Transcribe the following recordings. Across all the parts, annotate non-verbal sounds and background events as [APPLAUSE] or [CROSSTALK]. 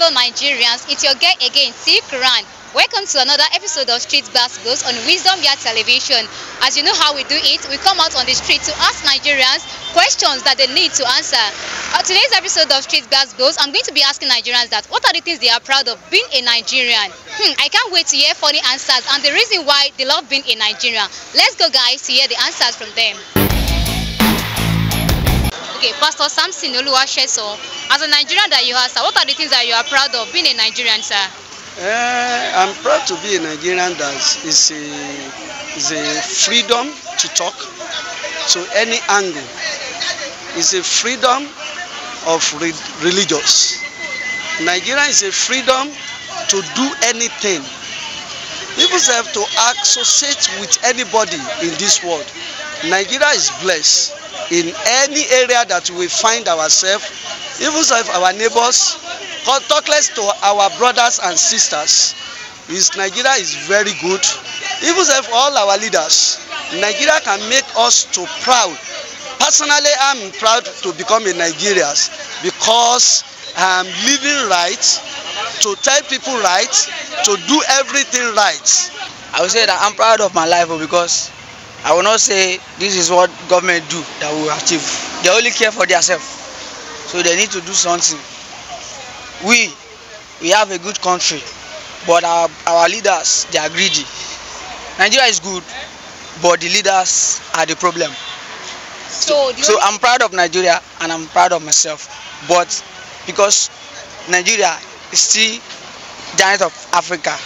Hello Nigerians, it's your guy again, Steve Quran. Welcome to another episode of Street Goes on Wisdom Yard Television. As you know how we do it, we come out on the street to ask Nigerians questions that they need to answer. On today's episode of Street Goes, I'm going to be asking Nigerians that what are the things they are proud of being a Nigerian? Hmm, I can't wait to hear funny answers and the reason why they love being a Nigerian. Let's go guys to hear the answers from them. Okay, Pastor Samson Oluwaseso, as a Nigerian that you are, sir, what are the things that you are proud of being a Nigerian, sir? Uh, I'm proud to be a Nigerian that is a, is a freedom to talk to any angle. It's a freedom of re religious. Nigeria is a freedom to do anything. People have to associate with anybody in this world. Nigeria is blessed. in any area that we find ourselves, even if our neighbors, talkless to our brothers and sisters, is Nigeria is very good. Even if all our leaders, Nigeria can make us to proud. Personally, I'm proud to become a Nigerian because I'm living right, to tell people right, to do everything right. I would say that I'm proud of my life oh, because I will not say this is what government do that will achieve. They only care for themselves. So they need to do something. We, we have a good country, but our, our leaders, they are greedy. Nigeria is good, but the leaders are the problem. So, so, I'm proud of Nigeria and I'm proud of myself. But because Nigeria is still giant of Africa,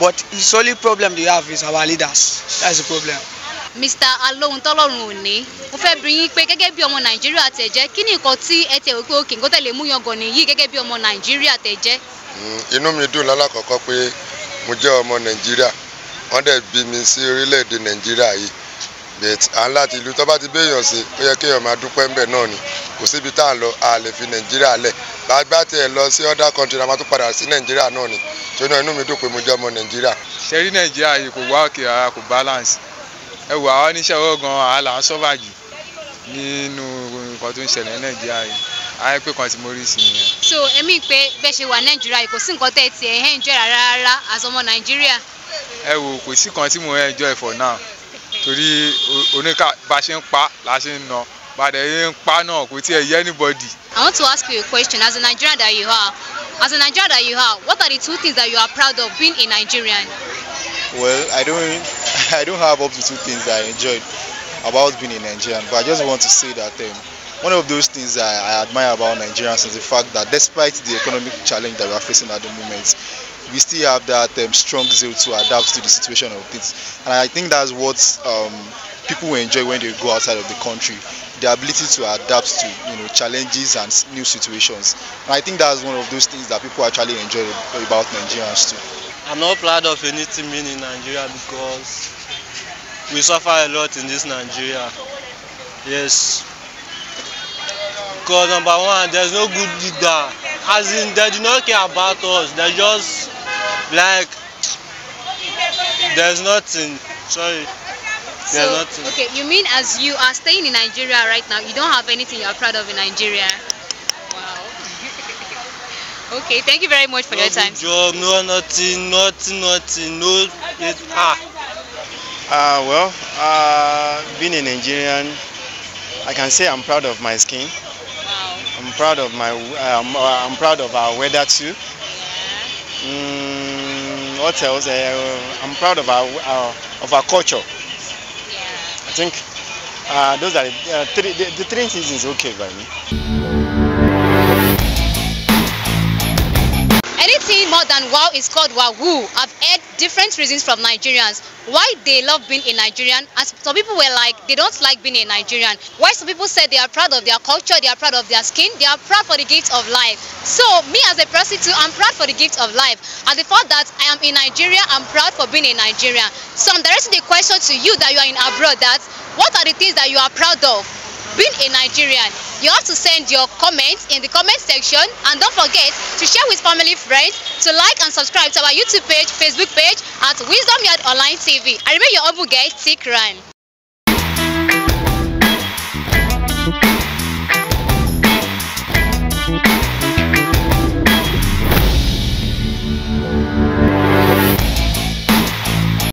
but it's only problem they have is our leaders. That's the problem. Mr. Alohùntọ́lọ́run òní mo fẹ́ bi yín pé gẹ́gẹ́ bí ọmọ Nàìjíríà tẹ̀ jẹ́ kí ni nǹkan tí ẹ tẹ̀ wípé òkè nǹkan tẹ̀lé mú yangàn nìyí gẹ́gẹ́ bí ọmọ Nàìjíríà tẹ̀ jẹ́. Mm, inú mi dùn lálàkọ́kọ́ pé mo jẹ́ ọmọ Nàìjíríà wọ́n dẹ̀ bí mi sí orílẹ̀-èdè Nàìjíríà yìí but à ń láti ìlú tó bá ti béèyàn sí ó yẹ kéèyàn máa dúpẹ́ ńbẹ̀ náà ni kò síbi tá à ń lọ a lè fi Nàìjíríà lẹ̀ bá a gbá tiẹ̀ lọ sí other country la máa tún padà sí Nàìjíríà náà ni ṣé inú mi dùn pé mo jẹ́ ọmọ Nàìjíríà. ṣe rí Nàìjíríà yìí kò wá òkè rárá kò balance ẹ wò àwọn oníṣẹ́ owó gan àhálà ń sọ́fà jù nínú nǹkan tó ń ṣẹlẹ̀ ní nàìjíríà yìí ayé pé kan tí mo sí nìyẹn. so èmi pé bẹ́ẹ̀ ṣe wà nàìjíríà yìí kò sí nǹkan tẹ́ ẹ ti ń jẹ́ rárá rárá àsọmọ nàìjíríà. ẹ wò kò sí kan tí mo enjoy for now torí oníkà bá ṣe ń pa la ṣe ń ná padà yẹn ń pa náà kò tiẹ̀ yẹ anybody. I want to ask you a question as a Nigerian that you are as a Nigerian that you are what are the two things that you are proud of being a Nigerian. well I don't [LAUGHS] I don't have up to two things I enjoyed about being a Nigerian, but I just want to say that um, one of those things I, I, admire about Nigerians is the fact that despite the economic challenge that we are facing at the moment, we still have that um, strong zeal to adapt to the situation of things. And I think that's what um, people enjoy when they go outside of the country the ability to adapt to you know challenges and new situations and i think that's one of those things that people actually enjoy about nigerians too i'm not proud of anything being in nigeria because we suffer a lot in this Nigeria. Yes. Because number one, there's no good leader. As in, they do not care about us. They just like there's nothing. Sorry. So, there's nothing. Okay, you mean as you are staying in Nigeria right now, you don't have anything you're proud of in Nigeria? Wow. [LAUGHS] okay, thank you very much for no your time. Job, no nothing, nothing, nothing, no. It, ah. Uh, well, uh, being a Nigerian, I can say I'm proud of my skin. Wow. I'm proud of my. Um, uh, I'm, I'm, proud of our weather too. Yeah. Mm, what else? Uh, I'm proud of our, our, of our culture. Yeah. I think uh, those are the, uh, three, the, the three okay by me. Anything more than wow is called wahoo. I've heard different reasons from Nigerians why they love being a Nigerian. As some people were like, they don't like being a Nigerian. Why some people said they are proud of their culture, they are proud of their skin, they are proud for the gift of life. So me as a person too, I'm proud for the gift of life. And the fact that I am in Nigeria, I'm proud for being a Nigerian. So I'm directing the question to you that you are in abroad that what are the things that you are proud of being a Nigerian? You have to send your comments in the comment section and don't forget to share with family friends to like and subscribe to our YouTube page, Facebook page at Wisdom Yard Online TV. I remain your humble guest, Tikran.